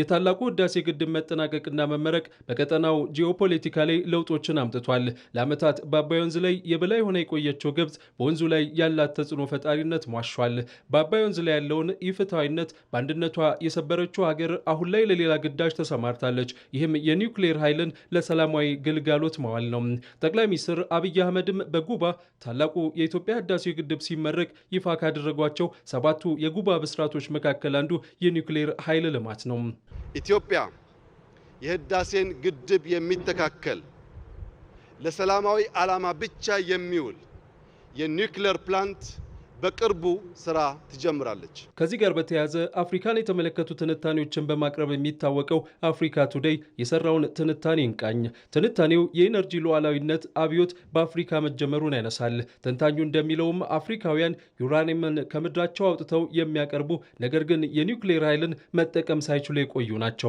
የታላቁ ህዳሴ ግድብ መጠናቀቅና መመረቅ በቀጠናው ጂኦፖለቲካ ላይ ለውጦችን አምጥቷል። ለዓመታት በአባይ ወንዝ ላይ የበላይ ሆነ የቆየችው ግብፅ በወንዙ ላይ ያላት ተጽዕኖ ፈጣሪነት ሟሿል። በአባይ ወንዝ ላይ ያለውን ኢፍትሐዊነት በአንድነቷ የሰበረችው ሀገር አሁን ላይ ለሌላ ግዳጅ ተሰማርታለች። ይህም የኒውክሌር ኃይልን ለሰላማዊ ግልጋሎት መዋል ነው። ጠቅላይ ሚኒስትር አብይ አህመድም በጉባ ታላቁ የኢትዮጵያ ህዳሴ ግድብ ሲመረቅ ይፋ ካደረጓቸው ሰባቱ የጉባ ብስራቶች መካከል አንዱ የኒውክሌር ኃይል ልማት ነው። ኢትዮጵያ የህዳሴን ግድብ የሚተካከል ለሰላማዊ ዓላማ ብቻ የሚውል የኒውክሌር ፕላንት በቅርቡ ስራ ትጀምራለች። ከዚህ ጋር በተያያዘ አፍሪካን የተመለከቱ ትንታኔዎችን በማቅረብ የሚታወቀው አፍሪካ ቱዴይ የሰራውን ትንታኔ እንቃኝ። ትንታኔው የኢነርጂ ሉዓላዊነት አብዮት በአፍሪካ መጀመሩን ያነሳል። ተንታኙ እንደሚለውም አፍሪካውያን ዩራኒየምን ከምድራቸው አውጥተው የሚያቀርቡ ነገር ግን የኒውክሌር ኃይልን መጠቀም ሳይችሉ የቆዩ ናቸው።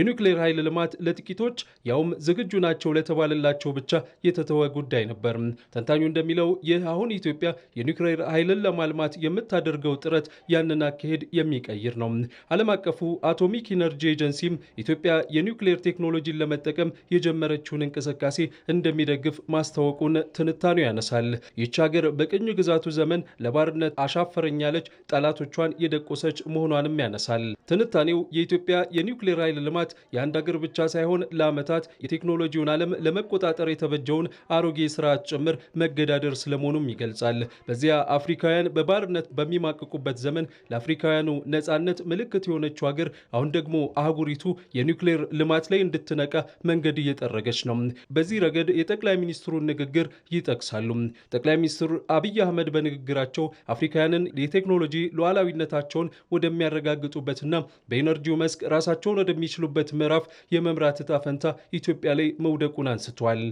የኒውክሌር ኃይል ልማት ለጥቂቶች ያውም ዝግጁ ናቸው ለተባለላቸው ብቻ የተተወ ጉዳይ ነበር። ተንታኙ እንደሚለው ይህ አሁን ኢትዮጵያ የኒውክሌር ኃይልን ለማልማት የምታደርገው ጥረት ያንን አካሄድ የሚቀይር ነው። ዓለም አቀፉ አቶሚክ ኢነርጂ ኤጀንሲም ኢትዮጵያ የኒውክሌር ቴክኖሎጂን ለመጠቀም የጀመረችውን እንቅስቃሴ እንደሚደግፍ ማስታወቁን ትንታኔው ያነሳል። ይች ሀገር በቅኝ ግዛቱ ዘመን ለባርነት አሻፈረኛለች፣ ጠላቶቿን የደቆሰች መሆኗንም ያነሳል ትንታኔው። የኢትዮጵያ የኒውክሌር ኃይል ልማት የአንድ ሀገር ብቻ ሳይሆን ለዓመታት የቴክኖሎጂውን ዓለም ለመቆጣጠር የተበጀውን አሮጌ ስርዓት ጭምር መገዳደር ስለመሆኑም ይገልጻል። በዚያ አፍሪካውያን ኢትዮጵያውያን በባርነት በሚማቅቁበት ዘመን ለአፍሪካውያኑ ነጻነት ምልክት የሆነችው ሀገር አሁን ደግሞ አህጉሪቱ የኒውክሌር ልማት ላይ እንድትነቃ መንገድ እየጠረገች ነው። በዚህ ረገድ የጠቅላይ ሚኒስትሩን ንግግር ይጠቅሳሉ። ጠቅላይ ሚኒስትር አብይ አህመድ በንግግራቸው አፍሪካውያንን የቴክኖሎጂ ሉዓላዊነታቸውን ወደሚያረጋግጡበትና በኤነርጂው መስክ ራሳቸውን ወደሚችሉበት ምዕራፍ የመምራት እጣ ፈንታ ኢትዮጵያ ላይ መውደቁን አንስተዋል።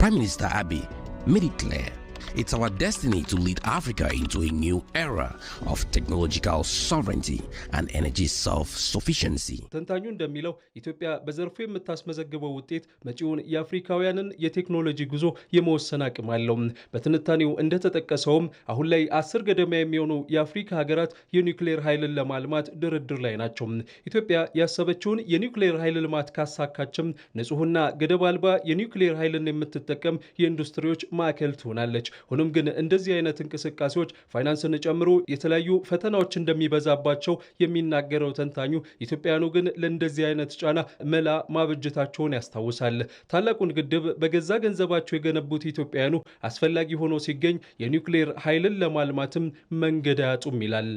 ፕራይም ሚኒስትር አብይ It's our destiny to lead Africa into a new era of technological sovereignty and energy self-sufficiency። ተንታኙ እንደሚለው ኢትዮጵያ በዘርፉ የምታስመዘግበው ውጤት መጪውን የአፍሪካውያንን የቴክኖሎጂ ጉዞ የመወሰን አቅም አለው። በትንታኔው እንደተጠቀሰውም አሁን ላይ አስር ገደማ የሚሆኑ የአፍሪካ ሀገራት የኒውክሌር ኃይልን ለማልማት ድርድር ላይ ናቸው። ኢትዮጵያ ያሰበችውን የኒውክሌር ኃይል ልማት ካሳካችም ንጹህና ገደብ አልባ የኒውክሌር ኃይልን የምትጠቀም የኢንዱስትሪዎች ማዕከል ትሆናለች። ሆኖም ግን እንደዚህ አይነት እንቅስቃሴዎች ፋይናንስን ጨምሮ የተለያዩ ፈተናዎች እንደሚበዛባቸው የሚናገረው ተንታኙ ኢትዮጵያኑ ግን ለእንደዚህ አይነት ጫና መላ ማበጀታቸውን ያስታውሳል። ታላቁን ግድብ በገዛ ገንዘባቸው የገነቡት ኢትዮጵያኑ አስፈላጊ ሆኖ ሲገኝ የኒውክሌር ኃይልን ለማልማትም መንገድ አያጡም ይላል።